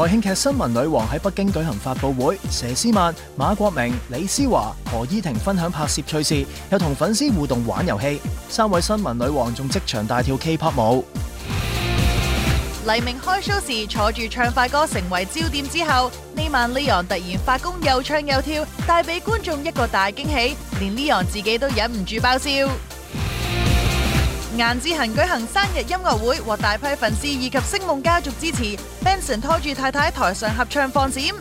台慶劇《新聞女王》喺北京舉行發佈會，佘詩曼、馬國明、李思華、何依婷分享拍攝趣事，又同粉絲互動玩遊戲。三位新聞女王仲即場大跳 K-pop 舞。黎明開 show 時坐住唱快歌成為焦點之後，呢晚 Leon 突然發功又唱又跳，帶俾觀眾一個大驚喜，連 Leon 自己都忍唔住爆笑。顏志恒舉行生日音樂會，獲大批粉絲以及星夢家族支持。Benson 拖住太太喺台上合唱放閃。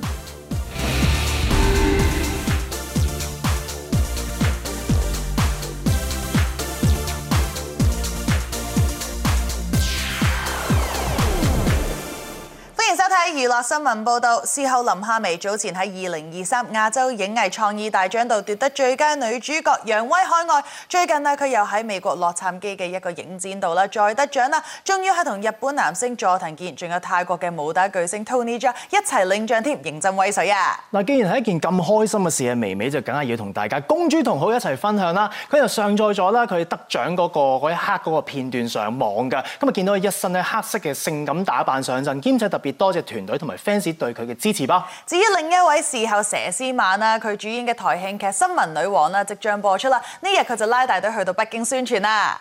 娛樂新聞報道，事後林夏薇早前喺二零二三亞洲影藝創意大獎度奪得最佳女主角，揚威海外。最近呢，佢又喺美國洛杉磯嘅一個影展度啦，再得獎啦，終於係同日本男星佐藤健，仲有泰國嘅武打巨星 Tony Jaa 一齊領獎添，認真威水啊！嗱，既然係一件咁開心嘅事啊，薇薇就梗係要同大家公主同好一齊分享啦。佢又上載咗啦，佢得獎嗰個嗰一刻嗰個片段上網嘅，咁啊見到佢一身黑色嘅性感打扮上陣，兼且特別多謝。團隊同埋 fans 對佢嘅支持吧。至於另一位視後佘詩曼啦，佢主演嘅台慶劇《新聞女王》啦，即將播出啦。呢日佢就拉大隊去到北京宣傳啦。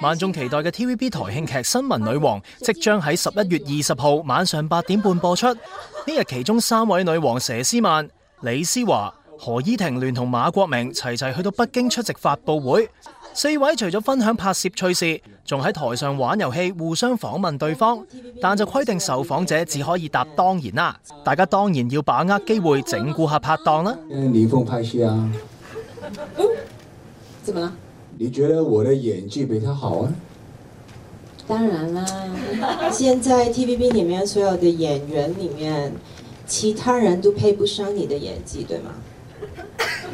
萬眾期待嘅 TVB 台慶劇《新聞女王》即將喺十一月二十號晚上八點半播出。呢日其中三位女王：佘詩曼、李思華、何依婷聯同馬國明齊齊去到北京出席發佈會。四位除咗分享拍攝趣事，仲喺台上玩遊戲，互相訪問對方，但就規定受訪者只可以答當然啦，大家當然要把握機會整蠱下拍檔啦。林峰拍戲啊？怎麼啦？你覺得我的演技比他好啊？當然啦，現在 TVB 裏面所有的演員裏面，其他人都配不上你的演技，對嗎？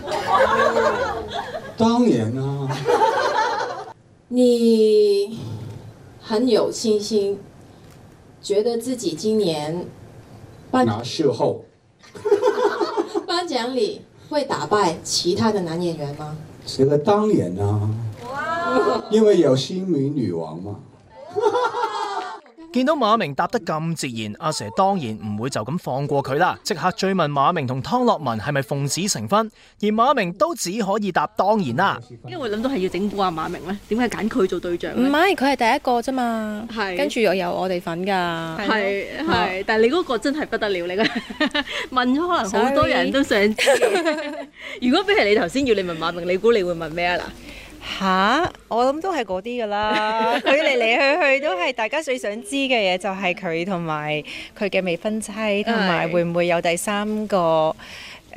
嗯、當年啊，你很有信心，覺得自己今年頒獎後，頒獎禮會打敗其他的男演員嗎？這個當年啊，Wow. 因為有新民女，女王嘛。Wow. 見到馬明答得咁自然，阿蛇當然唔會就咁放過佢啦，即刻追問馬明同湯樂文係咪奉子成婚，而馬明都只可以答當然啦。因為諗到係要整蠱阿馬明咧，點解揀佢做對象？唔係，佢係第一個啫嘛。係。跟住又有我哋份噶。係係、嗯。但係你嗰個真係不得了，你、嗰個、問咗可能好多人都想知 如果俾係你頭先要你問馬明，你估你會問咩啊？嗱。吓，我諗都係嗰啲㗎啦。佢嚟嚟去去都係大家最想知嘅嘢，就係佢同埋佢嘅未婚妻，同埋會唔會有第三個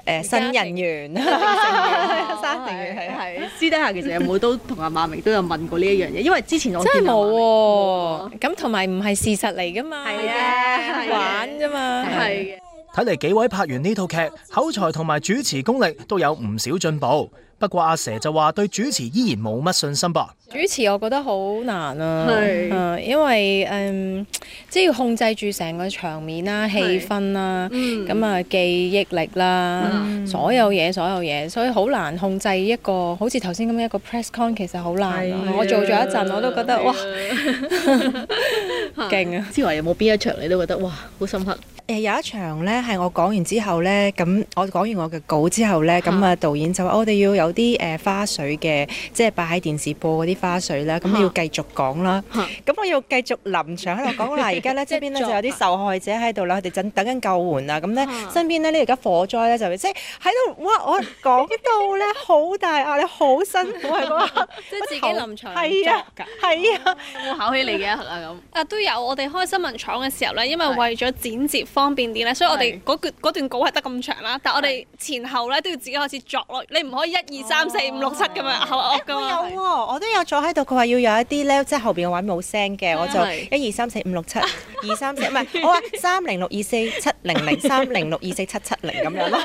誒新人員？三成員係係私底下其實有冇都同阿馬明都有問過呢一樣嘢？因為之前我真係冇喎。咁同埋唔係事實嚟㗎嘛，係啊，玩啫嘛。係。睇嚟幾位拍完呢套劇，口才同埋主持功力都有唔少進步。不過阿蛇就話對主持依然冇乜信心噃。主持我覺得好難啊，係、啊，因為嗯，即、就、係、是、要控制住成個場面啦、啊、氣氛啦、啊，咁、嗯、啊記憶力啦、啊嗯，所有嘢、所有嘢，所以好難控制一個。好似頭先咁一個 press con，其實好難、啊。我做咗一陣，我都覺得哇，勁 啊！之外有冇邊一場你都覺得哇，好深刻？誒，有一場咧，係我講完之後咧，咁我講完我嘅稿之後咧，咁啊導演就話我哋要有。有啲誒、呃、花絮嘅，即係擺喺電視播嗰啲花絮啦，咁要繼續講啦。咁、啊、我要繼續臨場喺度講啦。而家咧，身邊咧就有啲受害者喺度啦，佢哋等緊救援啊。咁咧，身邊咧，你而家火災咧就即係喺度。哇！我講到咧 好大壓力，你好辛苦啊。即係自己臨場係啊，係啊，冇考起你嘅咁。啊，啊 都有。我哋開新聞廠嘅時候咧，因為為咗剪接方便啲咧，所以我哋嗰段稿係得咁長啦。但我哋前後咧都要自己開始作咯。你唔可以一二三四五六七咁樣，惡惡嘅嘛？我有喎，我都有坐喺度。佢話要有一啲咧，即係後邊嘅位冇聲嘅，我就一二三四五六七，二三四唔係，我話三零六二四七零零三零六二四七七零咁樣咯。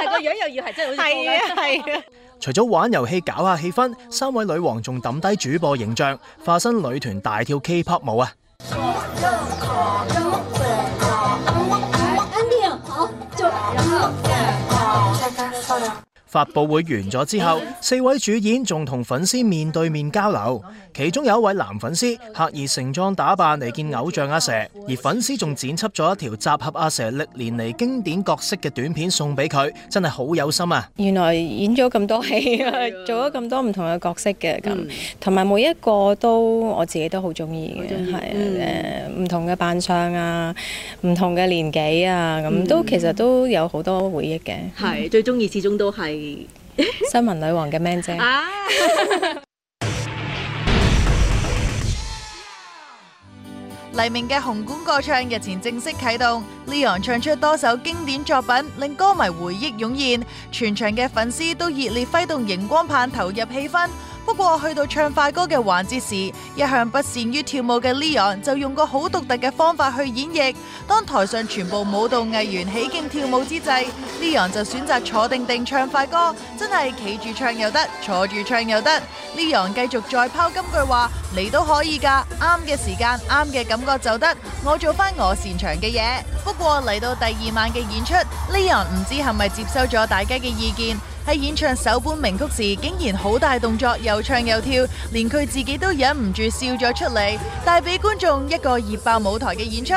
係個樣又要係真係好。係啊，係啊。除咗玩遊戲搞下氣氛，三位女王仲抌低主播形象，化身女團大跳 K-pop 舞啊！安定好就。發布會完咗之後，四位主演仲同粉絲面對面交流，其中有一位男粉絲刻意盛裝打扮嚟見偶像阿佘，而粉絲仲剪輯咗一條集合阿佘歷年嚟經典角色嘅短片送俾佢，真係好有心啊！原來演咗咁多戲啊，做咗咁多唔同嘅角色嘅，咁，同、嗯、埋每一個都我自己都好中意嘅，係誒唔同嘅扮相啊，唔同嘅年紀啊，咁都其實都有好多回憶嘅，係、嗯、最中意始終都係。新聞女王嘅 man 姐。 黎明嘅紅館個唱日前正式啟動，Leon 唱出多首經典作品，令歌迷回憶湧現，全場嘅粉絲都熱烈揮動螢光棒，投入氣氛。不過去到唱快歌嘅環節時，一向不善於跳舞嘅 Leon 就用個好獨特嘅方法去演繹。當台上全部舞蹈藝員起勁跳舞之際 Leon 就選擇坐定定唱快歌，真係企住唱又得，坐住唱又得。 Leon 繼續再拋金句話，你都可以㗎，啱嘅時間，啱嘅感覺就得，我做翻我擅長嘅嘢。不過嚟到第二晚嘅演出，Leon 唔知係咪接收咗大家嘅意見。喺演唱首本名曲時，竟然好大動作，又唱又跳，連佢自己都忍唔住笑咗出嚟，帶畀觀眾一個熱爆舞台嘅演出。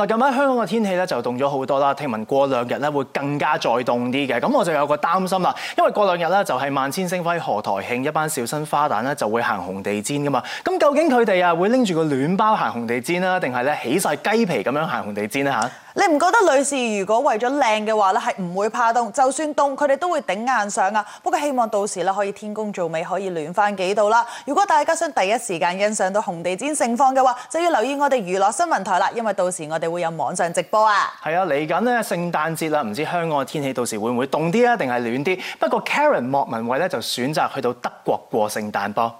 嗱，香港嘅天氣就凍咗好多啦，聽聞過兩日會更加再凍啲嘅，咁我就有個擔心啦，因為過兩日咧就係萬千星輝賀台慶一班小生花旦就會行紅地氈㗎嘛，咁究竟佢哋會拎住個暖包行紅地氈啦，定係起晒雞皮咁樣行紅地氈咧？你唔覺得女士如果為咗靚嘅話咧，係唔會怕凍，就算凍佢哋都會頂硬上啊。不過希望到時呢可以天公造美，可以暖翻幾度啦。如果大家想第一時間欣賞到紅地毯盛況嘅話，就要留意我哋娛樂新聞台啦，因為到時我哋會有網上直播啊。係啊，嚟緊呢，聖誕節啦，唔知香港嘅天氣到時會唔會凍啲啊，定係暖啲？不過 Karen 莫文蔚咧就選擇去到德國過聖誕波。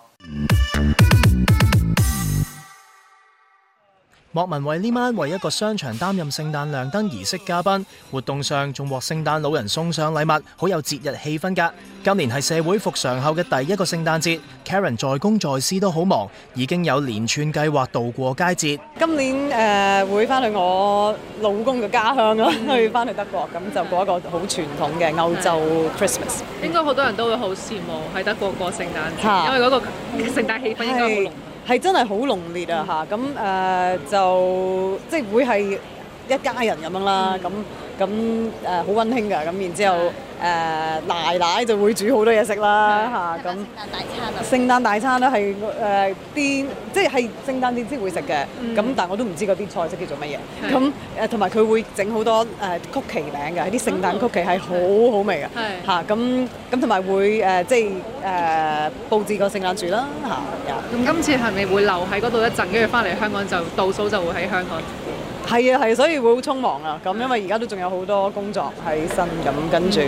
莫文蔚呢晚為一個商場擔任聖誕亮燈儀式嘉賓，活動上仲獲聖誕老人送上禮物，好有節日氣氛㗎。今年係社會復常後嘅第一個聖誕節，Karen 在公在私都好忙，已經有連串計劃度過佳節。今年誒、呃、會翻去我老公嘅家鄉啦，去、嗯、翻去德國，咁就過一個好傳統嘅歐洲 Christmas。應該好多人都會好羨慕喺德國過聖誕節，啊、因為嗰個聖誕氣氛應該好濃。係真係好濃烈啊，吓咁誒，就即係會係。一家人咁樣啦，咁咁誒好溫馨噶，咁然之後誒奶奶就會煮好多嘢食啦嚇，咁聖誕大餐啦，聖誕大餐，係誒啲即係聖誕節先會食嘅，咁但我都唔知嗰啲菜式叫做乜嘢，咁誒同埋佢會整好多誒曲奇餅嘅，啲聖誕曲奇係好好味嘅，嚇咁咁同埋會誒即係誒佈置個聖誕樹啦嚇。咁今次係咪會留喺嗰度一陣，跟住翻嚟香港就倒數就會喺香港？係啊，係，所以會好匆忙啊！咁因為而家都仲有好多工作喺身，咁跟住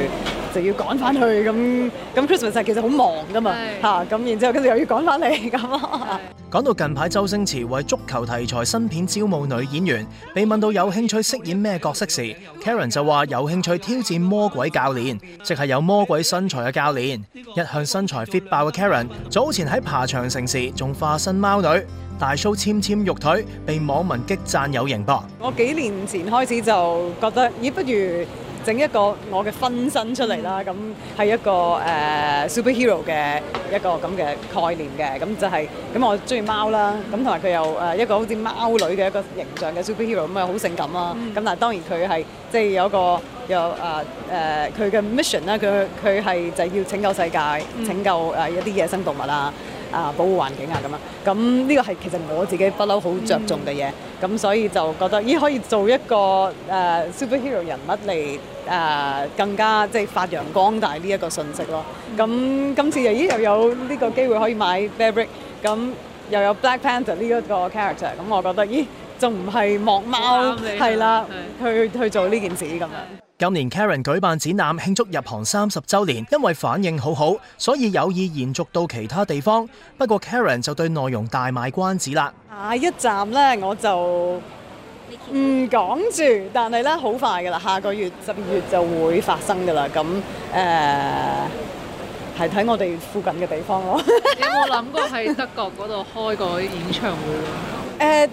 就要趕翻去，咁咁 Christmas 其實其實好忙噶嘛，吓，咁然之後跟住又要趕翻嚟，咁啊。講到近排周星馳為足球題材新片招募女演員，被問到有興趣飾演咩角色時，Karen 就話有興趣挑戰魔鬼教練，即係有魔鬼身材嘅教練。一向身材 fit 爆嘅 Karen，早前喺爬長城時仲化身貓女。大叔纖纖玉腿被網民激讚有型噃！我幾年前開始就覺得，咦，不如整一個我嘅分身出嚟啦。咁係一個誒 superhero 嘅一個咁嘅概念嘅。咁就係咁，我中意貓啦。咁同埋佢又誒一個好似貓女嘅一個形象嘅 superhero，咁啊好性感啊。咁但係當然佢係即係有個有啊誒佢嘅 mission 啦。佢佢係就係要拯救世界，拯救誒一啲野生動物啦。啊！保護環境啊咁樣，咁呢個係其實我自己不嬲好着重嘅嘢。咁、嗯、所以就覺得咦可以做一個、uh, superhero 人物嚟，uh, 更加即係發揚光大呢一個信息咯。咁今次又咦又有呢個機會可以買 Bearbrick，咁又有 Black Panther 呢一個 character，咁我覺得咦仲唔係望貓係啦去去做呢件事咁樣。今年 Karen 舉辦展覽慶祝入行三十周年，因為反應好好，所以有意延續到其他地方。不過 Karen 就對內容大賣關子啦。下一站呢，我就唔講住，但係咧好快噶啦，下個月十二月就會發生噶啦。咁誒係喺我哋附近嘅地方咯。 有冇諗過喺德國嗰度開個演唱會？誒、呃。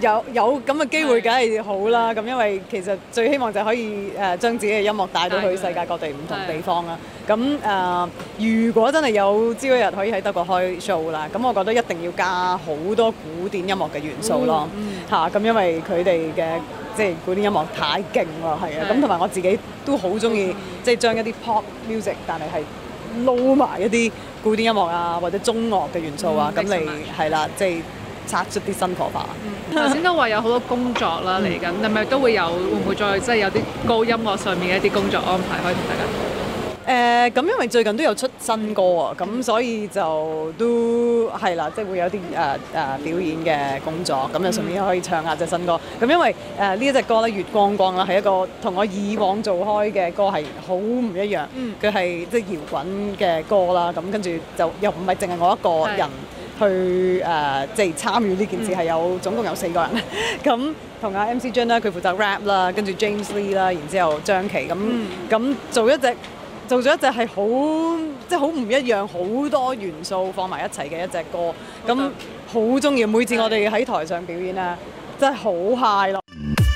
有有咁嘅機會，梗係好啦。咁因為其實最希望就係可以誒將自己嘅音樂帶到去世界各地唔同地方啦。咁誒，如果真係有朝一日可以喺德國開 show 啦，咁我覺得一定要加好多古典音樂嘅元素咯。嚇，咁因為佢哋嘅即係古典音樂太勁啦，係啊。咁同埋我自己都好中意，即係將一啲 pop music，但係係撈埋一啲古典音樂啊，或者中樂嘅元素啊，咁你係啦，即係。拆出啲新火花，嗯。頭先都話有好多工作啦嚟緊，係 咪都會有？會唔會再即係、就是、有啲高音樂上面嘅一啲工作安排可以同大家？誒、呃，咁因為最近都有出新歌啊，咁、嗯、所以就都係啦，即、就、係、是、會有啲誒誒表演嘅工作，咁就順便可以唱下隻新歌。咁、嗯、因為誒呢隻歌咧《月光光》啦，係一個同我以往做開嘅歌係好唔一樣。佢係即係搖滾嘅歌啦，咁跟住就又唔係淨係我一個人。去、呃、即係參與呢件事係、嗯、有總共有四個人，咁同阿 MC Jin 啦，佢負責 rap 啦，跟住 James Lee 啦，然之後張琪。咁，咁做一隻，做咗一隻係好即係好唔一樣，好多元素放埋一齊嘅一隻歌，咁好鍾意，每次我哋喺台上表演啦，真係好 high 咯～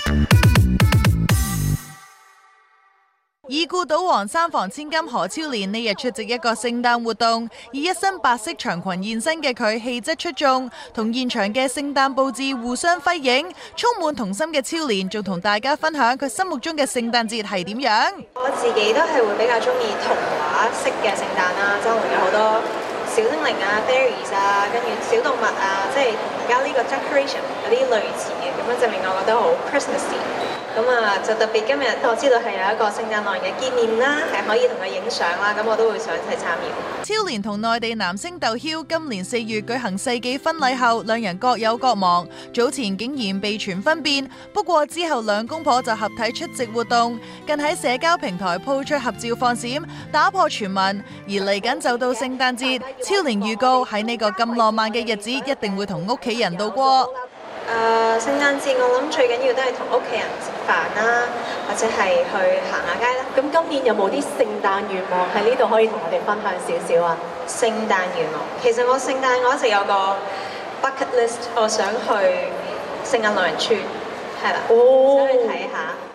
已故賭王三房千金何超蓮呢日出席一個聖誕活動，以一身白色長裙現身嘅佢，氣質出眾，同現場嘅聖誕布置互相輝映，充滿童心嘅超蓮仲同大家分享佢心目中嘅聖誕節係點樣。我自己都係會比較中意童話式嘅聖誕啦，周圍有好多小精靈啊、berries 啊，跟住小動物啊，即係同而家呢個 decoration 有啲類似嘅，咁樣就令我覺得好 christmas 啲。咁啊，就特別今日我知道係有一個聖誕老人嘅見面啦，係可以同佢影相啦，咁我都會想一齊參與。超蓮同內地男星竇驍今年四月舉行世紀婚禮後，兩人各有各忙，早前竟然被傳婚變，不過之後兩公婆就合體出席活動，更喺社交平台鋪出合照放閃，打破傳聞。而嚟緊就到聖誕節，超蓮預告喺呢個咁浪漫嘅日子，一定會同屋企人度過。誒、uh, 聖誕節我諗最緊要都係同屋企人食飯啦，或者係去行下街啦。咁今年有冇啲聖誕願望喺呢度可以同我哋分享少少啊？聖誕願望，其實我聖誕我一直有一個 bucket list，我想去聖誕老人村，係啦，oh. 想去睇下。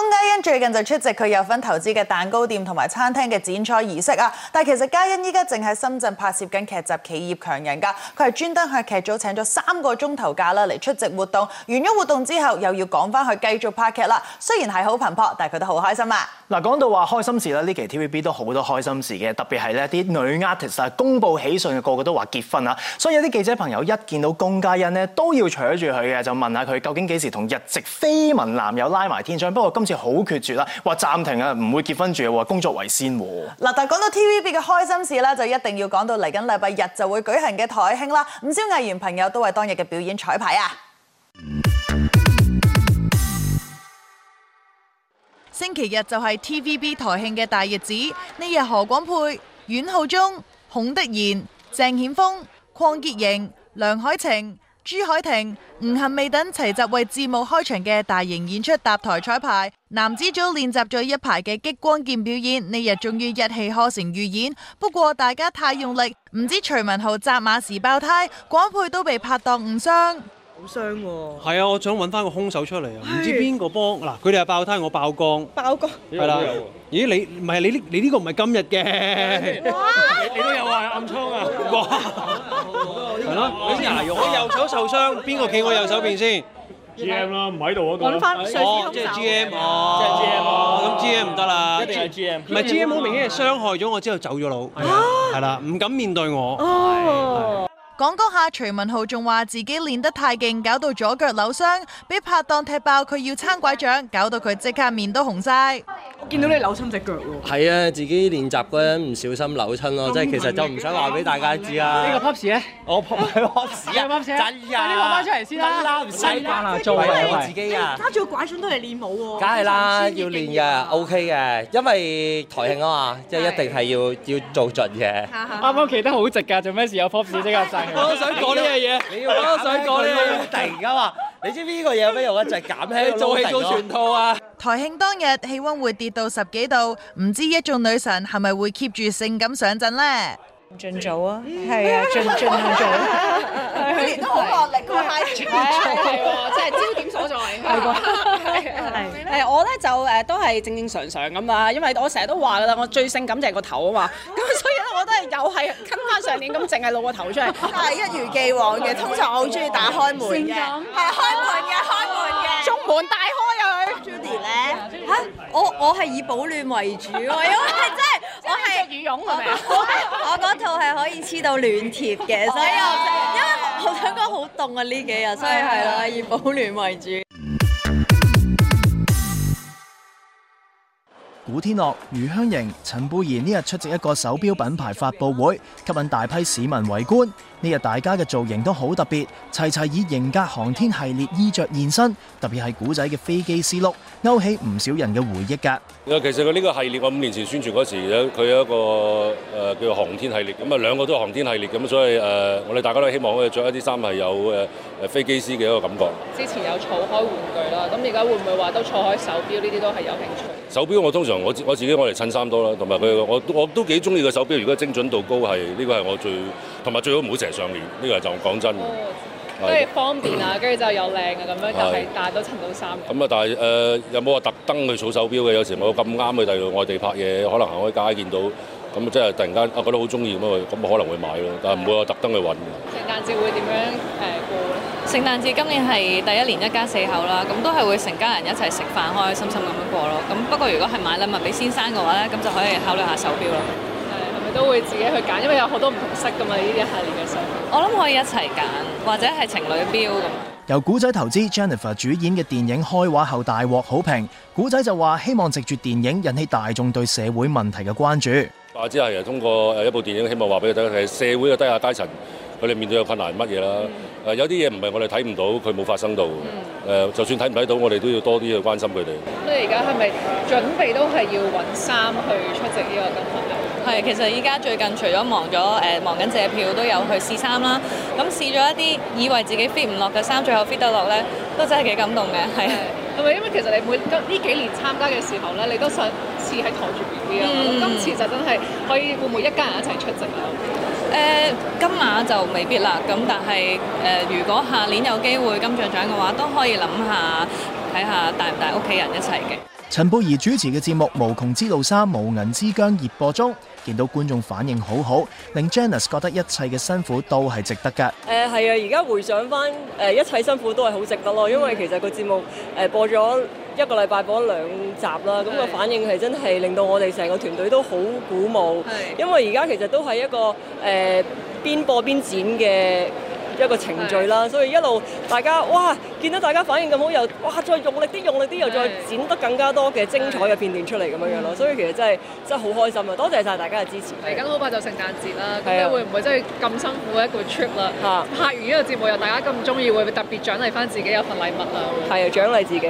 龔嘉欣最近就出席佢有份投資嘅蛋糕店同埋餐廳嘅剪彩儀式啊！但係其實嘉欣依家正喺深圳拍攝緊劇集《企業強人》㗎，佢係專登向劇組請咗三個鐘頭假啦嚟出席活動。完咗活動之後又要趕翻去繼續拍劇啦。雖然係好頻撲，但係佢都好開心啊！嗱，講到話開心事啦，呢期 TVB 都好多開心事嘅，特別係呢啲女 artist 公布喜訊嘅，個個都話結婚啦。所以有啲記者朋友一見到龔嘉欣呢，都要扯住佢嘅，就問下佢究竟幾時同日籍緋聞男友拉埋天窗。不過今即好決絕啦，話暫停啊，唔會結婚住喎，工作為先喎。嗱，但係講到 TVB 嘅開心事啦，就一定要講到嚟緊禮拜日就會舉行嘅台慶啦。唔少藝員朋友都為當日嘅表演彩排啊。星期日就係 TVB 台慶嘅大日子，呢日何廣沛、阮浩中、孔德賢、鄭顯峰、鄺結瑩、梁海晴、朱海婷、吳杏未等齊集為節目開場嘅大型演出搭台彩排，男子組練習咗一排嘅激光劍表演，呢日終於一氣呵成預演。不過大家太用力，唔知徐文浩紮馬時爆胎，廣佩都被拍檔誤傷。好傷喎！係啊，我想揾翻個兇手出嚟啊！唔知邊個幫嗱，佢哋係爆胎，我爆光，爆光係啦。咦，你唔係你呢？你呢個唔係今日嘅。你都有啊暗瘡啊！哇！係咯，你先挨我右手受傷，邊個企我右手邊先？G M 咯，唔喺度啊！揾翻，即係 G M，即係 G M，咁 G M 唔得啦，一定係 G M。唔係 G M，好明顯係傷害咗我之後走咗佬，係啦，唔敢面對我。講下徐文浩仲話自己練得太勁，搞到左腳扭傷，俾拍檔踢爆佢要撐拐杖，搞到佢即刻面都紅晒。我見到你扭親隻腳喎。係、哎、啊，自己練習嗰陣唔小心扭親咯，即係其實就唔想話俾大家知啊。呢個 pop s 咧？我 pop 係 pop 屎啊！真呀？你攞翻出嚟先啦。梗唔使關啦，做我自己啊。加住個拐杖都係練舞喎。梗係啦，要練嘅，OK 嘅，因為台慶啊嘛，即係一定係要要做盡嘅。啱啱企得好直噶，做咩事有 pop 屎即刻洗？我，想這這我想這都想講呢樣嘢，我都想講呢個。突然你知唔知呢個嘢有咩用咧？就係減輕做戲做全套啊！台慶當日氣溫會跌到十幾度，唔知一眾女神係咪會 keep 住性感上陣咧？盡早啊，係啊，盡盡早，年年都係活力高派，係喎，即係焦點所在。係，係，係。誒，我咧就誒都係正正常常咁啊，因為我成日都話噶啦，我最性感就係個頭啊嘛。咁所以咧，我都係又係跟翻上年咁，淨係露個頭出嚟，但係一如既往嘅。通常我好中意打開門嘅，係開門嘅，開門嘅，中門大開又去。Judy 咧？吓，我我係以保暖為主，我係真係，我係羽絨嘅，我我。呢套係可以黐到暖貼嘅 以我、 啊，所以我因為我想講好凍啊呢幾日，所以係啦，以保暖為主。古天樂、余香瑩、陳貝兒呢日出席一個手錶品牌發布會，吸引大批市民圍觀。呢日大家嘅造型都好特別，齊齊以型格航天系列衣着現身，特別係古仔嘅飛機師褸，勾起唔少人嘅回憶噶。其實佢呢個系列我五年前宣傳嗰時，佢有一個誒叫航天系列，咁啊兩個都係航天系列，咁所以誒我哋大家都希望可以着一啲衫係有誒誒飛機師嘅一個感覺。之前有錯開玩具啦，咁而家會唔會話都錯開手錶呢啲都係有興趣？手表我通常我我自己我嚟襯衫多啦，同埋佢我我都幾中意個手表。如果精準度高係呢、這個係我最同埋最好唔好成日上面，呢、這個就講真的。跟、哦、住、就是、方便啊，跟住 就有靚啊，咁樣又係戴到襯到衫。咁、嗯、啊，但係誒、呃、有冇話特登去掃手錶嘅？有時候我咁啱去第外地拍嘢，可能行開街見到，咁啊即係突然間啊覺得好中意咁啊，咁可能會買咯，但係唔會話特登去揾。聖誕節會點樣誒、呃、過？聖誕節今年係第一年一家四口啦，咁都係會成家人一齊食飯，開開心心咁樣過咯。咁不過如果係買禮物俾先生嘅話咧，咁就可以考慮下手錶啦。係咪都會自己去揀？因為有好多唔同色噶嘛，呢一系列嘅錶。我諗可以一齊揀，或者係情侶錶咁。由古仔投資，Jennifer 主演嘅電影開畫後大獲好評，古仔就話希望藉住電影引起大眾對社會問題嘅關注。我知係通過一部電影希望話俾大家聽，係社會嘅低下階層。佢哋面對嘅困難乜嘢啦、嗯？誒有啲嘢唔係我哋睇唔到，佢冇發生到。誒就算睇唔睇到，我哋都要多啲去關心佢哋。咁你而家係咪準備都係要揾衫去出席呢個金球啊？係，其實依家最近除咗忙咗誒、呃、忙緊借票，都有去試衫啦。咁試咗一啲以為自己 fit 唔落嘅衫，最後 fit 得落咧，都真係幾感動嘅。係。係咪因為其實你每呢幾年參加嘅時候咧，你都想試喺攬住 BB 啊？嗯、今次就真係可以會唔會一家人一齊出席啊？誒、呃，金馬就未必啦，咁但係誒、呃，如果下年有機會金像獎嘅話，都可以諗下睇下帶唔帶屋企人一齊嘅。陳貝兒主持嘅節目《無窮之路三無垠之疆》熱播中，見到觀眾反應好好，令 Janice 覺得一切嘅辛苦都係值得㗎。誒係啊，而家回想翻，誒、呃、一切辛苦都係好值得咯，因為其實這個節目誒、呃、播咗一個禮拜，播咗兩集啦，咁、那個反應係真係令到我哋成個團隊都好鼓舞。係，因為而家其實都係一個誒邊、呃、播邊剪嘅。一個程序啦，所以一路大家哇，見到大家反應咁好，又哇再用力啲，用力啲，又再剪得更加多嘅精彩嘅片段出嚟咁樣樣咯。所以其實真係真係好開心啊！多謝晒大家嘅支持。嚟緊好快就聖誕節啦，咁咧會唔會真係咁辛苦嘅一個 trip 啦？嚇拍完呢個節目又大家咁中意，會唔會特別獎勵返自己有一份禮物啊？係啊，獎勵自己，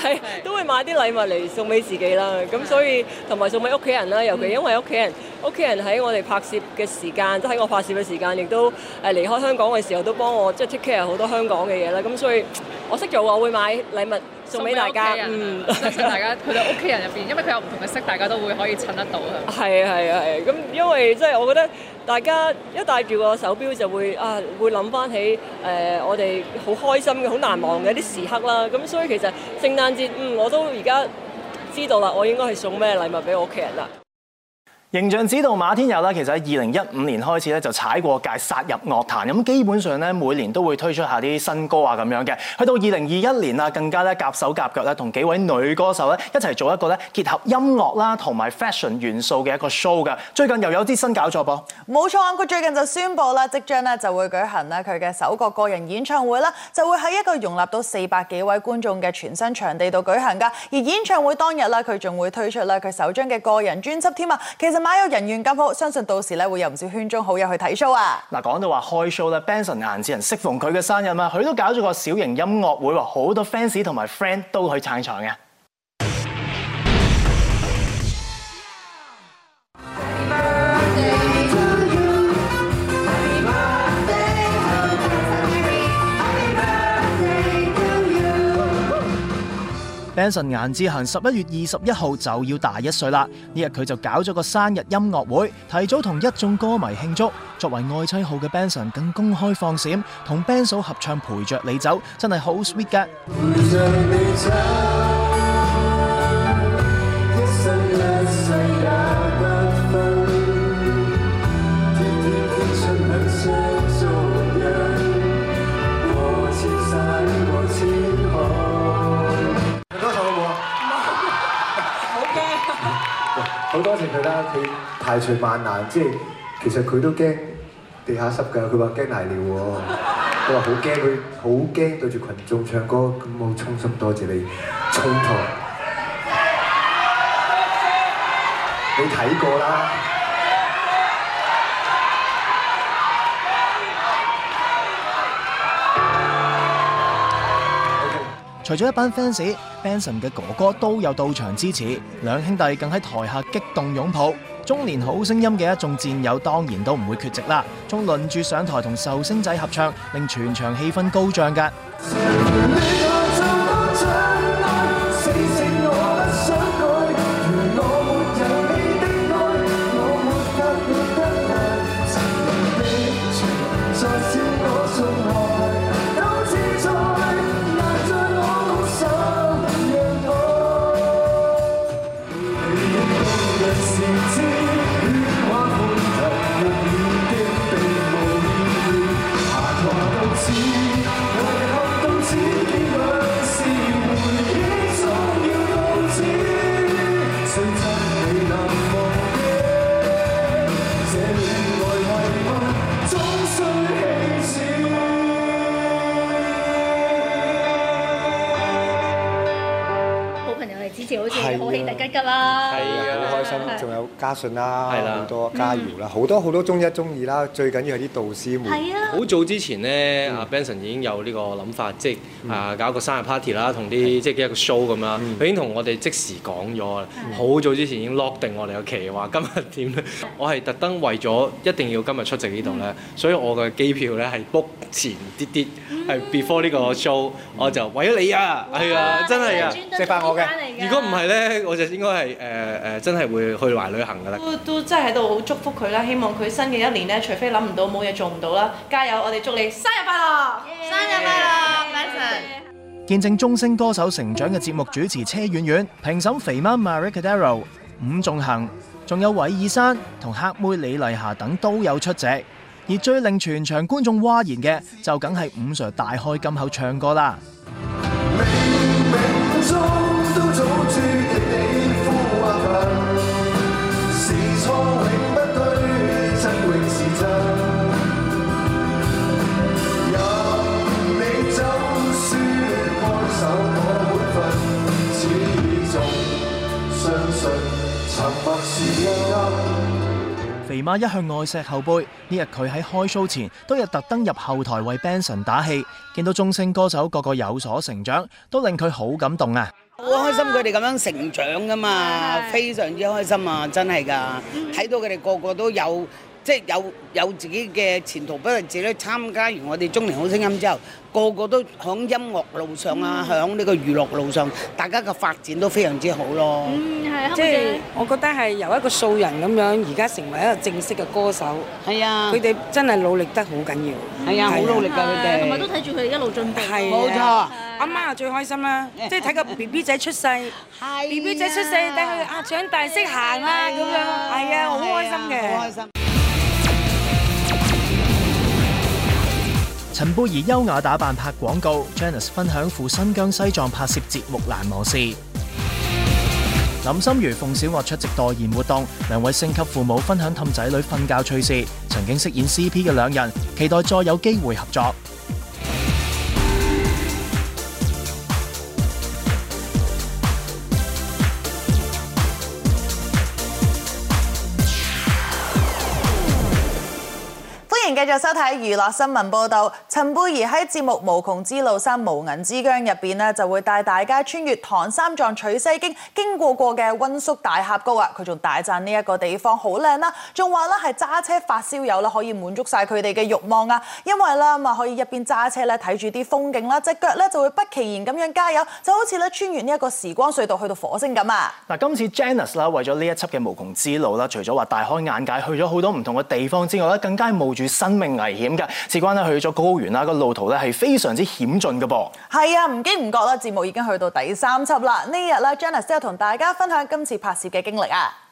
係 都會買啲禮物嚟送俾自己啦。咁所以同埋送俾屋企人啦，尤其因為屋企人。屋企人喺我哋拍攝嘅時間，即喺我拍攝嘅時間，亦都誒離開香港嘅時候，都幫我即係 take care 好多香港嘅嘢啦。咁所以，我識做嘅，我會買禮物送俾大家。家嗯，大家佢哋屋企人入邊， 因為佢有唔同嘅色，大家都會可以襯得到。係啊係啊係，咁因為即係我覺得大家一戴住個手錶就會啊會諗翻起誒我哋好開心嘅好難忘嘅啲時刻啦。咁所以其實聖誕節嗯我都而家知道啦，我應該係送咩禮物俾我屋企人啦。形象指導馬天佑咧其實喺二零一五年開始咧就踩過界殺入樂壇，咁基本上咧每年都會推出下啲新歌啊咁樣嘅。去到二零二一年啊，更加咧夾手夾腳咧，同幾位女歌手咧一齊做一個咧結合音樂啦同埋 fashion 元素嘅一個 show 噶。最近又有啲新搞作噃？冇錯，佢最近就宣布啦，即將咧就會舉行咧佢嘅首個個人演唱會啦，就會喺一個容納到四百幾位觀眾嘅全新場地度舉行噶。而演唱會當日咧，佢仲會推出咧佢首張嘅個人專輯添啊。其實買有人緣咁好，相信到時會會有唔少圈中好友去睇 show 啊！講到話開 show Benson 顏志仁適逢佢嘅生日嘛，佢都搞咗個小型音樂會喎，好多 fans 同埋 friend 都去撐場 Benson 顏志恆十一月二十一號就要大一歲啦！呢日佢就搞咗個生日音樂會，提早同一眾歌迷慶祝。作為愛妻號嘅 Benson 更公開放閃，同 Ben 嫂合唱陪着你走，真係好 sweet 㗎。佢啦，佢排除萬難，即係其實佢都驚地下濕噶。佢話驚瀨尿喎，佢話好驚，佢好驚對住群眾唱歌，咁我衷心多謝你，衝突， 你睇過啦。除咗一班 fans，Benson 嘅哥哥都有到場支持，兩兄弟更喺台下激動擁抱。中年好聲音嘅一眾戰友當然都唔會缺席啦，仲輪住上台同壽星仔合唱，令全場氣氛高漲㗎。嘉信啦，好多嘉耀啦，好、嗯、多好多中一中二啦，最緊要係啲導師們。係啊！好早之前咧，阿、嗯啊、Benson 已經有呢個諗法，即係、嗯、啊搞個生日 party 啦，同啲即係一個 show 咁啦。佢、嗯、已經同我哋即時講咗啦，好、嗯、早之前已經 lock 定我哋個期，話，今日點咧？我係特登為咗一定要今日出席呢度咧，所以我嘅機票咧係 book 前啲啲，係、嗯、before 呢個 show，、嗯、我就為咗你啊，係啊、哎，真係啊，食飯我嘅。如果唔係咧，我就應該係誒誒真係會去埋旅行。都，都真係喺度好祝福佢啦！希望佢新嘅一年呢，除非諗唔到冇嘢，做唔到啦，加油！我哋祝你生日快樂，yeah, 生日快樂！恭、yeah, 喜！Yeah. 見證中聲歌手成長嘅節目主持車婉婉、評審肥媽 Maria Cordero、伍仲恒、仲有韋以珊同黑妹李麗霞等都有出席。而最令全場觀眾嘩然嘅，就梗係伍 sir 大開金口唱歌啦！一向愛錫後輩，呢日佢喺開 show 前都有特登入後台為 Benson 打氣，見到中生歌手個個有所成長，都令佢好感動啊！好開心佢哋咁樣成長噶嘛，非常之開心啊！真係噶，睇到佢哋個個都有。即係有有自己嘅前途，不如自己參加完我哋中年好聲音之後，個個都響音樂路上啊，響呢個娛樂路上，大家嘅發展都非常之好咯。嗯，係，即係我覺得係由一個素人咁樣，而家成為一個正式嘅歌手。係啊，佢哋真係努力得好緊要。係啊，好努力㗎，佢哋。係，同埋都睇住佢哋一路進步。係，冇錯。阿媽啊，最開心啦，即係睇個 BB 仔出世，BB 仔出世，等佢啊長大識行啦，咁樣。係啊，我好開心嘅。好開心。陳貝兒優雅打扮拍廣告，Janice 分享赴新疆西藏拍攝節目難忘事。林心如鳳小岳出席代言活動，兩位星級父母分享氹仔女瞓覺趣事。曾經飾演 CP 嘅兩人期待再有機會合作。繼續收睇娛樂新聞報道，陳貝兒喺節目《無窮之路山》三無垠之疆入邊咧，就會帶大家穿越唐三藏取西經經過過嘅溫宿大峽谷啊！佢仲大讚呢一個地方好靚啦，仲話咧係揸車發燒友啦，可以滿足晒佢哋嘅慾望啊！因為咧，咪可以入邊揸車咧，睇住啲風景啦，隻腳咧就會不其然咁樣加油，就好似咧穿越呢一個時光隧道去到火星咁啊！嗱，今次 Janice 啦，為咗呢一輯嘅無窮之路啦，除咗話大開眼界，去咗好多唔同嘅地方之外咧，更加冒住生命危險㗎，事關咧去咗高原啦，個路途咧係非常之險峻嘅噃。係啊，唔經唔覺啦，節目已經去到第三輯啦。呢日咧，Janice 就同大家分享今次拍攝嘅經歷啊。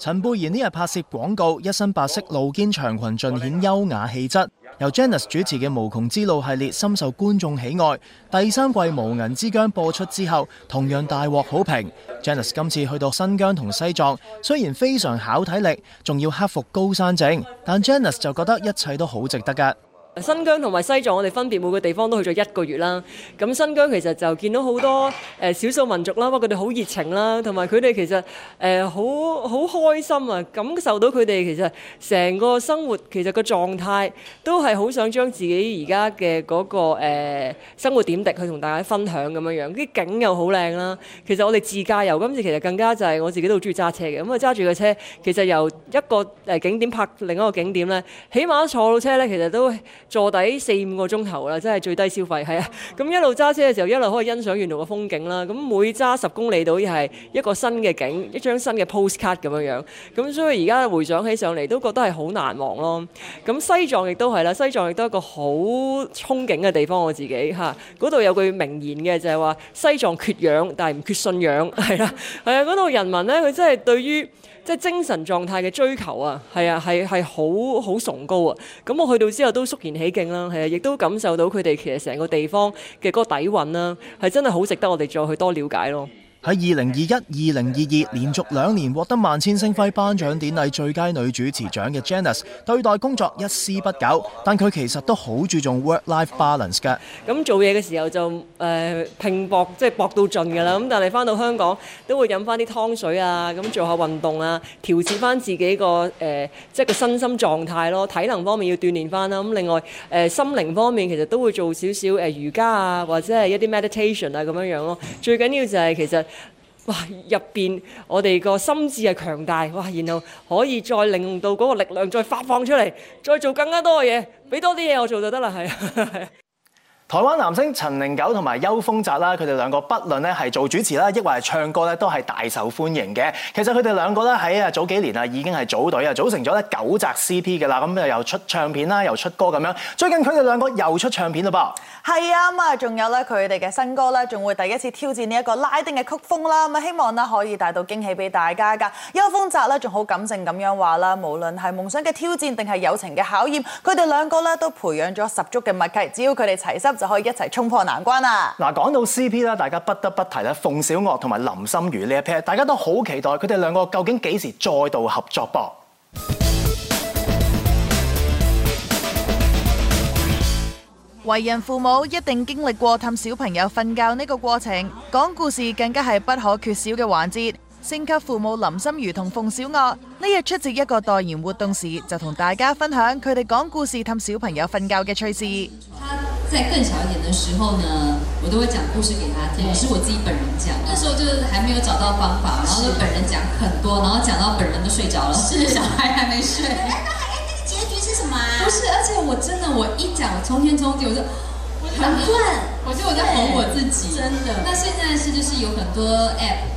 陳貝兒呢日拍攝廣告，一身白色露肩長裙盡顯優雅氣質。由 Janice 主持嘅《無窮之路》系列深受觀眾喜愛。第三季無垠之疆播出之後，同樣大獲好評。Janice 今次去到新疆同西藏，雖然非常考體力，仲要克服高山症，但 Janice 就覺得一切都好值得噶。新疆同埋西藏，我哋分別每個地方都去咗一個月啦。咁新疆其實就見到好多誒少數民族啦，哇！佢哋好熱情啦，同埋佢哋其實誒好好開心啊，感受到佢哋其實成個生活其實個狀態都係好想將自己而家嘅嗰個誒生活點滴去同大家分享咁樣樣。啲景又好靚啦，其實我哋自駕遊今次其實更加就係我自己都好中意揸車嘅。咁啊揸住個車，其實由一個誒景點拍另一個景點咧，起碼坐到車咧，其實都～坐底四五個鐘頭啦，真係最低消費。係啊，咁一路揸車嘅時候，一路可以欣賞沿途嘅風景啦。咁每揸十公里到，又係一個新嘅景，一張新嘅 postcard 咁樣。咁所以而家回想起上嚟，都覺得係好難忘咯。咁西藏亦都係啦，西藏亦都係一個好憧憬嘅地方。我自己吓嗰度有句名言嘅就係話：西藏缺氧，但係唔缺信仰。係啦，係啊，嗰度人民呢，佢真係對於。即精神狀態嘅追求啊，係啊，係係好好崇高啊！咁我去到之後都肅然起敬啦，係啊，亦、啊、都感受到佢哋其實成個地方嘅個個底蘊啦、啊，係真係好值得我哋再去多了解咯。喺二零二一、二零二二，連續兩年獲得萬千星輝頒獎典禮最佳女主持獎嘅 Janice，對待工作一絲不苟，但佢其實都好注重 work-life balance 嘅。咁做嘢嘅時候就誒、呃、拼搏，即係搏到盡㗎啦。咁但係返到香港都會飲返啲湯水啊，咁做下運動啊，調節返自己個誒、呃、即係個身心狀態咯。體能方面要鍛煉返啦。咁另外誒、呃、心靈方面其實都會做少少誒瑜伽啊，或者係一啲 meditation 啊咁樣樣、啊、咯。最緊要就係其實。哇！入邊我哋個心智係強大，哇！然後可以再令到嗰個力量再發放出嚟，再做更加多嘅嘢，俾多啲嘢我做就得啦，係。台灣男星陳零九同埋邱峰澤啦，佢哋兩個不論咧係做主持啦，抑或係唱歌咧，都係大受歡迎嘅。其實佢哋兩個咧喺啊早幾年啊已經係組隊啊組成咗咧九澤 CP 嘅啦，咁又出唱片啦，又出歌咁樣。最近佢哋兩個又出唱片啦噃。係啊嘛，仲有咧佢哋嘅新歌咧，仲會第一次挑戰呢一個拉丁嘅曲風啦。咁希望咧可以帶到驚喜俾大家㗎。邱峰澤咧仲好感性咁樣話啦，無論係夢想嘅挑戰定係友情嘅考驗，佢哋兩個咧都培養咗十足嘅默契，只要佢哋齊心，就可以一齊衝破難關啊！嗱，講到 CP 啦，大家不得不提鳳小岳同埋林心如呢一 pair，大家都好期待佢哋兩個究竟幾時再度合作噃？為人父母一定經歷過氹小朋友瞓覺呢個過程，講故事更加係不可缺少嘅環節。星級父母林心如同鳳小岳呢日出席一個代言活動時，就同大家分享佢哋講故事氹小朋友瞓覺嘅趣事。他在更小一點的時候呢，我都會講故事給他聽，是我自己本人講。那時候就還沒有找到方法，然後就本人講很多，然後講到本人都睡着了。是，是，小孩還沒睡。哎，那個結局是什麼啊？不是，而且我真的我一講從前從地，我就很困。我覺得我，我，我在哄我自己，真的。那現在是就是有很多 app。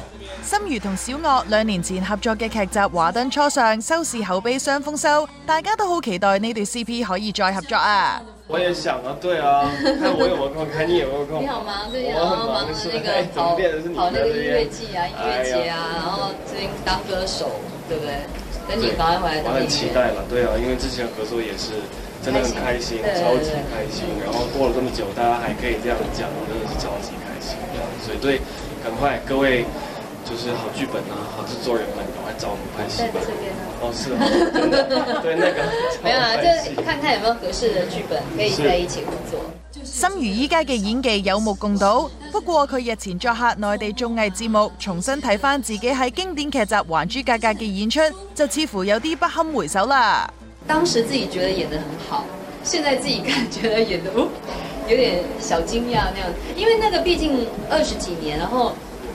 心如同小鵝兩年前合作嘅劇集《華燈初上》，收視口碑雙豐收，大家都好期待呢對 C P 可以再合作啊！我也想啊，對啊，看我有冇空，看你有冇空。你好嗎？最近忙唔忙？最近忙啊，最近、那個、跑跑,跑那個音樂節啊，音樂節啊、哎，然後最近當歌手，對唔對等你回來當？對。我很期待嘛，對啊，因為之前合作也是真的很開心,開心，超級開心。然後過了這麼久，大家還可以這樣講，真、就、的是超級開心。所以對，趕快各位。就是好劇本啊，好製作人來、啊、快、啊、找我們拍戲。在這邊、啊、哦，是、啊。對， 對那個。沒有啊，就是看看有沒有合適的劇本可以在一起工作。就是、心如依家嘅演技有目共睹，不過佢日前作客內地綜藝節目、嗯，重新睇返自己喺經典劇集《還珠格格》嘅演出，就似乎有啲不堪回首啦。當時自己覺得演得很好，現在自己看覺得演得、哦、有點小驚訝，那樣因為那個畢竟二十幾年，然後。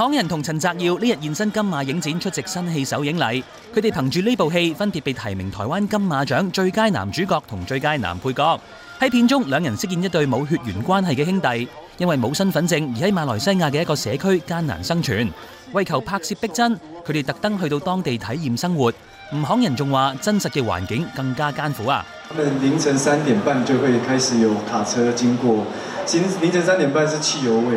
慷仁同陳澤耀呢日現身金馬影展出席新戲首映禮，佢哋憑住呢部戲分別被提名台灣金馬獎最佳男主角同最佳男配角。喺片中，兩人飾演一對冇血緣關係嘅兄弟，因為冇身份證而喺馬來西亞嘅一個社區艱難生存。為求拍攝逼真，佢哋特登去到當地體驗生活。吳慷仁仲話：真實嘅環境更加艱苦啊！佢哋凌晨三點半就會開始有卡車經過，今凌晨三點半是汽油味。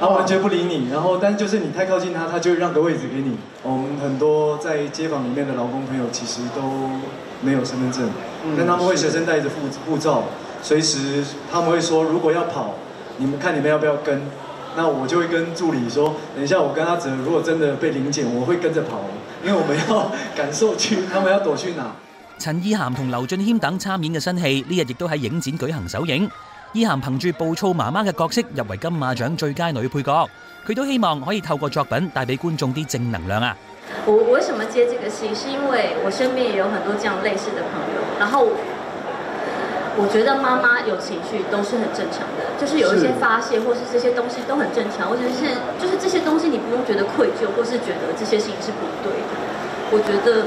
他完全不理你，然後但是就是你太靠近他，他就會讓個位置給你。我、嗯、們很多在街坊裏面的勞工朋友其實都沒有身份證、嗯，但他們會隨身帶著護照，隨時他們會說：如果要跑，你們看你們要不要跟？那我就會跟助理說：等一下我跟阿哲，如果真的被臨檢，我會跟着跑，因為我們要感受去，他們要躲去哪？陳意涵同劉俊謙等參演嘅新戲呢日亦都喺影展舉行首映。意涵憑住暴躁媽媽嘅角色入圍金馬獎最佳女配角，佢都希望可以透過作品帶俾觀眾啲正能量啊！我為什麼接這個戲，是因為我身邊也有很多這樣類似嘅朋友，然後我覺得媽媽有情緒都是很正常嘅，就是有一些發洩，或是這些東西都很正常，或者是就是這些東西你不用覺得愧疚，或是覺得這些事情是不對的，我覺得。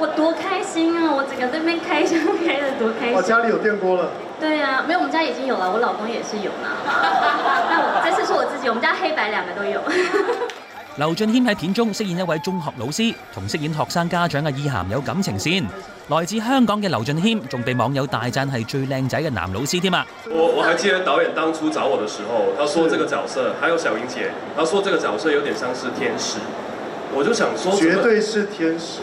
我多開心啊！我整個對面開箱，開得多開心！我家裏有電波了。對啊，沒有，我們家已經有了，我老公也是有了 但我這次是我自己，我們家黑白兩個都有。劉 俊謙喺片中飾演一位中學老師，同飾演學生家長嘅意涵有感情線。來自香港嘅劉俊謙，仲被網友大讚係最靚仔嘅男老師添啊！我我還記得導演當初找我的時候，他說這個角色還有小英姐，他說這個角色有點像是天使，我就想說絕對是天使。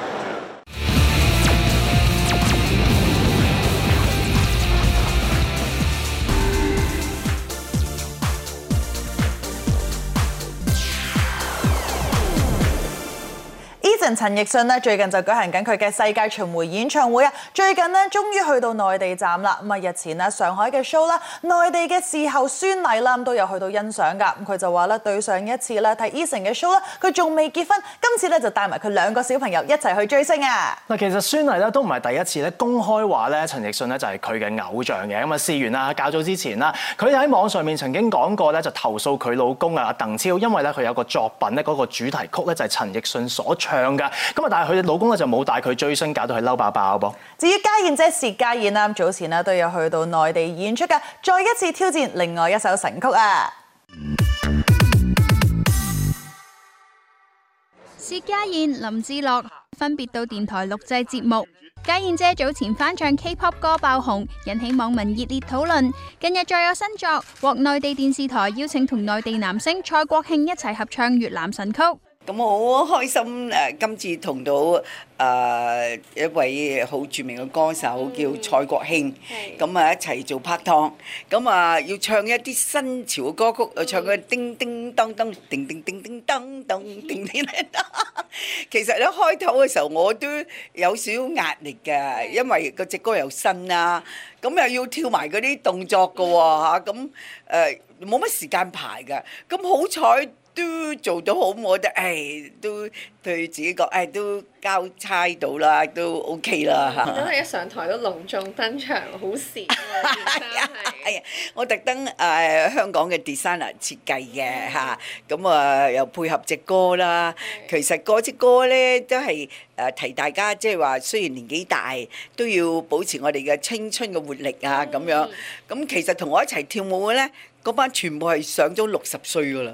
陳奕迅咧最近就舉行緊佢嘅世界巡迴演唱會啊，最近呢終於去到內地站啦。咁啊，日前啊上海嘅 show 啦，內地嘅視后孫儷啦，都有去到欣賞噶。咁佢就話咧，對上一次咧睇 Eason 嘅 show 咧，佢仲未結婚，今次咧就帶埋佢兩個小朋友一齊去追星啊。嗱，其實孫儷咧都唔係第一次咧公開話咧陳奕迅咧就係佢嘅偶像嘅。咁啊，事源啊較早之前啦，佢喺網上面曾經講過咧就投訴佢老公啊鄧超，因為咧佢有個作品咧嗰個主題曲咧就係陳奕迅所唱。咁啊！但係佢老公咧就冇帶佢追星，搞到佢嬲爆爆噃。至於家燕姐薛家燕啦，早前咧都有去到內地演出嘅，再一次挑戰另外一首神曲啊！薛家燕、林志樂分別到電台錄製節目。家燕姐早前翻唱 K-pop 歌爆紅，引起網民熱烈討論。近日再有新作，獲內地電視台邀請同內地男星蔡國慶一齊合唱越南神曲。咁我好開心誒，今次同到誒一位好著名嘅歌手叫蔡國慶，咁啊一齊做拍檔，咁啊要唱一啲新潮嘅歌曲，唱佢叮叮當當，叮叮叮叮當當，叮叮當。其實喺開頭嘅時候我都有少少壓力嘅，因為嗰隻歌又新啦，咁又要跳埋嗰啲動作㗎吓，咁誒冇乜時間排㗎，咁好彩。都做到好，我覺得誒都對自己講誒都交差到啦，都 OK 啦嚇。真係一上台都隆重登場，好事。係、哎、啊，我特登誒、呃、香港嘅 designer 設計嘅嚇，咁啊又配合隻歌啦。其實嗰隻歌咧都係誒提大家即係話，就是、雖然年紀大都要保持我哋嘅青春嘅活力啊咁樣。咁、嗯嗯、其實同我一齊跳舞嘅咧。嗰班全部係上咗六十歲㗎喇，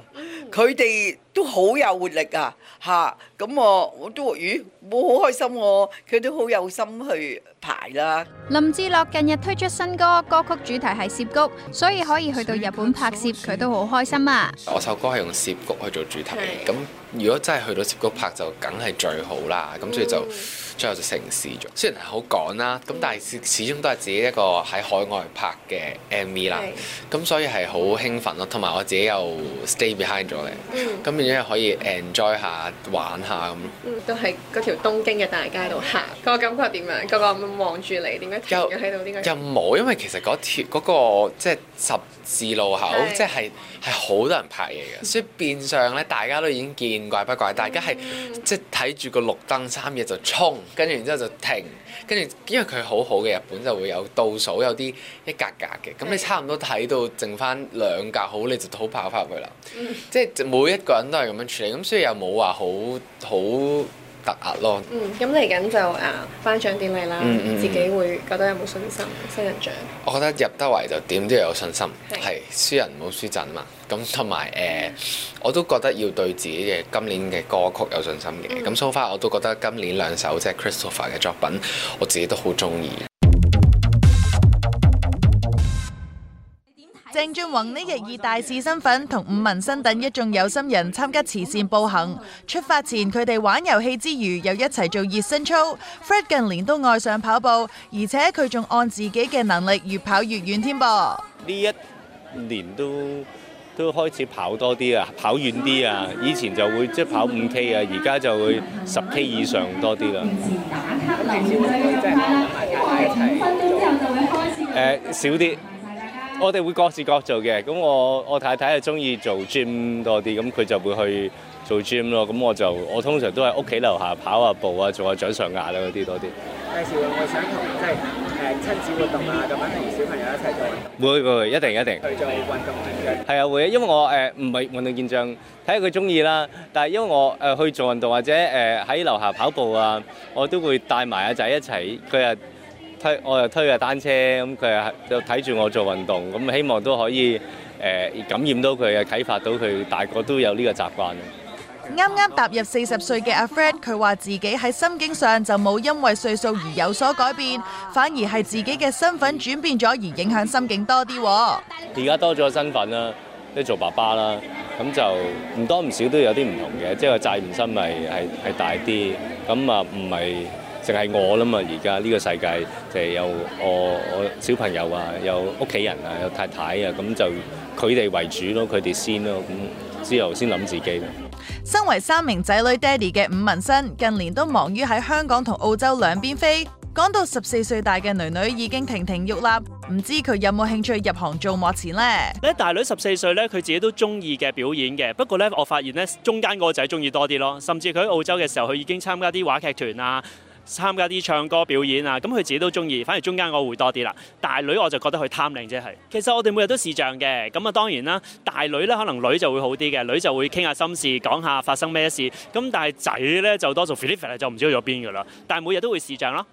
佢哋都好有活力啊！嚇，咁我我都咦，我好開心喎！佢都好有心去排啦。林志樂近日推出新歌，歌曲主題係涉谷，所以可以去到日本拍攝，佢都好開心啊！我首歌係用涉谷去做主題，咁如果真係去到涉谷拍就梗係最好啦，咁所以就。最後就成事咗，雖然係好趕啦，咁、嗯、但係始始終都係自己一個喺海外拍嘅 MV 啦，咁所以係好興奮咯，同、嗯、埋我自己又 stay behind 咗你。咁然之可以 enjoy 一下玩一下咁、嗯。都喺嗰條東京嘅大街度行，嗯，嗰個感覺點樣？嗯個個望住你，點解停喺度？呢個又冇，因為其實嗰條嗰、嗰個即係十字路口，即係係好多人拍嘢嘅，所以變相咧大家都已經見怪不怪，大家係、嗯、即係睇住個綠燈三嘢就衝。跟住然之後就停，跟住因為佢好好嘅日本就會有倒數，有啲一格格嘅，咁你差唔多睇到剩翻兩格好，你就好跑翻入去啦、嗯。即係每一個人都係咁樣處理，咁所以又冇話好好。得壓咯，嗯，咁嚟緊就誒頒獎典禮啦，自己會覺得有冇信心？新人獎？我覺得入得圍就點都要有信心，係輸人唔好輸陣嘛。咁同埋誒，我都覺得要對自己嘅今年嘅歌曲有信心嘅。咁 so far 我都覺得今年兩首即係 Christopher 嘅作品，我自己都好中意。鄭俊弘呢日以大使身份同伍文新等一眾有心人參加慈善步行。出發前佢哋玩遊戲之餘又一齊做熱身操。Fred 近年都愛上跑步，而且佢仲按自己嘅能力越跑越遠添噃。呢一年都都開始跑多啲啊，跑遠啲啊。以前就會即係跑五 K 啊，而家就會十 K 以上多啲啦。誒，少、嗯、啲。嗯我哋會各自各做嘅，咁我我太太係中意做 gym 多啲，咁佢就會去做 gym 咯，咁我就我通常都喺屋企樓下跑下、啊、步啊，做下、啊、掌上壓啊嗰啲多啲。介紹會唔會想同即係誒親子活動啊咁樣譬如小朋友一齊做。會會一定一定。去做運動係嘅。係啊會啊，因為我誒唔係運動健將，睇下佢中意啦。但係因為我誒、呃、去做運動或者誒喺、呃、樓下跑步啊，我都會帶埋阿仔一齊，佢啊。推我又推下單車，咁佢又睇住我做運動，咁希望都可以誒感染到佢，啟發到佢，大個都有呢個習慣。啱啱踏入四十歲嘅阿 Fred，佢話自己喺心境上就冇因為歲數而有所改變，反而係自己嘅身份轉變咗而影響心境多啲。而家多咗身份啦，即係做爸爸啦，咁就唔多唔少都有啲唔同嘅，即係責任心係係係大啲，咁啊唔係淨係我啦嘛！而家呢個世界就係、是、有我我小朋友啊，有屋企人啊，有太太啊，咁就佢哋為主咯，佢哋先咯，咁之後先諗自己。身為三名仔女爹哋嘅伍文新近年都忙於喺香港同澳洲兩邊飛。講到十四歲大嘅女女已經亭亭玉立，唔知佢有冇興趣入行做幕前呢？呢，大女十四歲呢，佢自己都中意嘅表演嘅。不過呢，我發現呢，中間個仔中意多啲咯，甚至佢喺澳洲嘅時候，佢已經參加啲話劇團啊。參加啲唱歌表演啊，咁佢自己都中意。反而中間我會多啲啦，大女我就覺得佢貪靚啫係。其實我哋每日都視像嘅，咁啊當然啦，大女咧可能女就會好啲嘅，女就會傾下心事，講下發生咩事。咁但係仔咧就多數 Philippe 就唔知去咗邊噶啦。但係每日都會視像咯。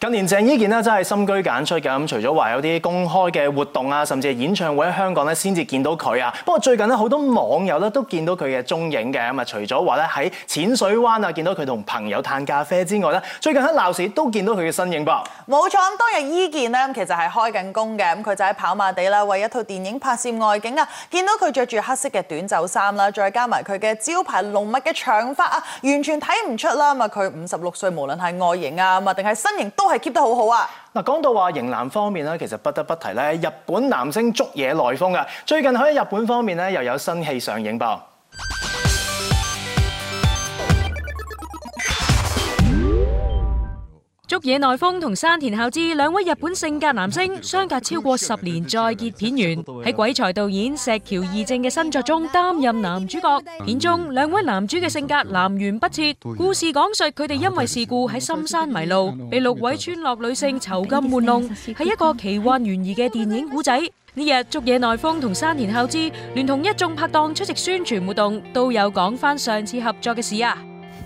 近年鄭伊健咧真係深居簡出嘅，咁除咗話有啲公開嘅活動啊，甚至係演唱會喺香港咧先至見到佢啊。不過最近咧好多網友咧都見到佢嘅蹤影嘅，咁啊除咗話咧喺淺水灣啊見到佢同朋友嘆咖啡之外咧，最近喺鬧市都見到佢嘅身影噃。冇錯，當日伊健咧其實係開緊工嘅，咁佢就喺跑馬地啦為一套電影拍攝外景啊，見到佢着住黑色嘅短袖衫啦，再加埋佢嘅招牌濃密嘅長髮啊，完全睇唔出啦。咁啊佢五十六歲，無論係外形啊，咁啊定係身形都。都係 keep 得好好啊！嗱，講到話型男方面呢，其實不得不提呢日本男星竹野內豐最近喺日本方面呢，又有新戲上映噃。祝竹野內豐同山田孝之兩位日本性格男星相隔超過十年再結片緣，喺鬼才導演石橋義正嘅新作中擔任男主角。片中兩位男主嘅性格南轅北轍，故事講述佢哋因為事故喺深山迷路，被六位村落女性囚禁玩弄，係一個奇幻懸疑嘅電影故仔。呢日祝竹野內豐同山田孝之連同一眾拍檔出席宣傳活動，都有講返上次合作嘅事啊。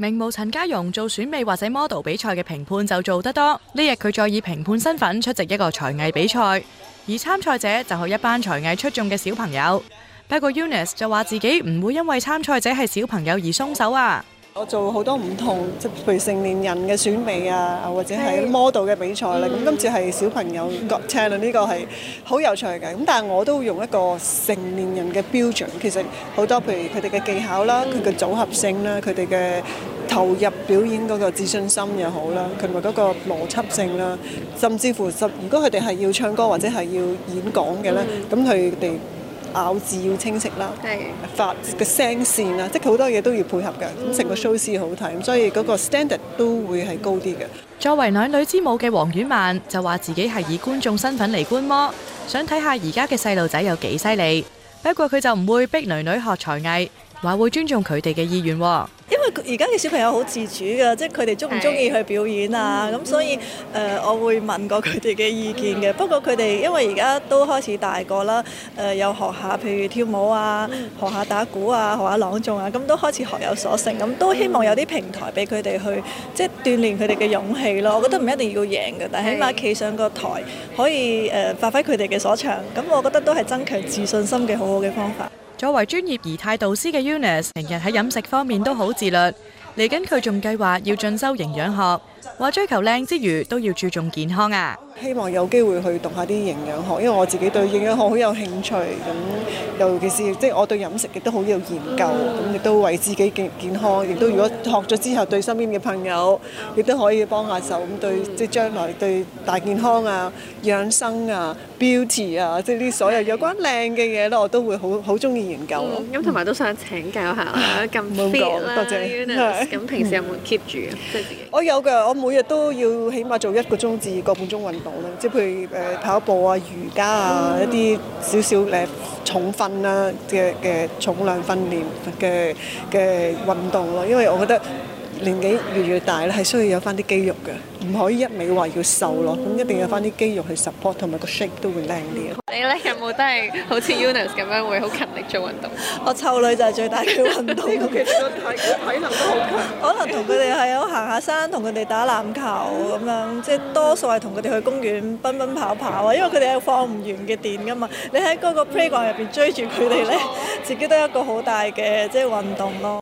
名模陳嘉容做選美或者 model 比賽嘅評判就做得多，呢日佢再以評判身份出席一個才藝比賽，而參賽者就係一班才藝出眾嘅小朋友。不過 Unis 就話自己唔會因為參賽者係小朋友而鬆手啊。我做好多唔同即譬如成年人嘅選美啊，或者係 model 嘅比賽啦。咁今次係小朋友唱啦，呢個係好有趣嘅。咁但係我都會用一個成年人嘅標準，其實好多譬如佢哋嘅技巧啦，佢嘅組合性啦，佢哋嘅投入表演嗰個自信心又好啦，同埋嗰個邏輯性啦，甚至乎十如果佢哋係要唱歌或者係要演講嘅呢，咁佢哋。咬字要清晰啦，發嘅聲線啊，即係好多嘢都要配合嘅，咁成個 show 師好睇，所以嗰個 standard 都會係高啲嘅。作為兩女之母嘅黃婉曼就話：自己係以觀眾身份嚟觀摩，想睇下而家嘅細路仔有幾犀利。不過佢就唔會逼囡囡學才藝。話會尊重佢哋嘅意願，哦，因為而家嘅小朋友好自主㗎，即係佢哋鍾唔鍾意去表演啊？咁所以誒、呃，我會問過佢哋嘅意見嘅。不過佢哋因為而家都開始大個啦，誒、呃、又學下譬如跳舞啊，學下打鼓啊，學下朗誦啊，咁都開始學有所成。咁都希望有啲平台俾佢哋去即係鍛鍊佢哋嘅勇氣咯。我覺得唔一定要贏嘅，但係起碼企上個台可以誒、呃、發揮佢哋嘅所長。咁我覺得都係增強自信心嘅好好嘅方法。作為專業儀態導師嘅 Unis，成日喺飲食方面都好自律。嚟緊佢仲計劃要進修營養學，話追求靚之餘都要注重健康啊！希望有機會去讀下啲營養學，因為我自己對營養學好有興趣。咁尤其是即係我對飲食亦都好有研究。咁亦都為自己健健康，亦都如果學咗之後對身邊嘅朋友，亦都可以幫下手。咁對即係將來對大健康啊、養生啊、beauty 啊，即係啲所有有關靚嘅嘢咧，我都會好好鍾意研究。咁同埋都想請教下，咁 fit 啦，即係咁平時有冇 keep 住啊？即係自己。我有㗎，我每日都要起碼做一個鐘至個半鐘運動。即係譬如誒跑步啊、瑜伽啊、嗯、一啲少少誒重訓啦嘅嘅重量訓練嘅嘅運動咯，因為我覺得，年紀越越大咧，係需要有翻啲肌肉嘅，唔可以一味話要瘦咯。咁、嗯、一定要有翻啲肌肉去 support，同埋個 shape 都會靚啲。你咧有冇都係好似 Unis 咁樣，會好勤力做運動？我臭女就係最大嘅運動嘅，其實個體體能都好強。 可能同佢哋係有行下山，同佢哋打籃球咁樣，即係多數係同佢哋去公園奔奔跑跑啊。因為佢哋係放唔完嘅電噶嘛。你喺嗰個 playground 入邊追住佢哋咧，自己都有一個好大嘅即係運動咯。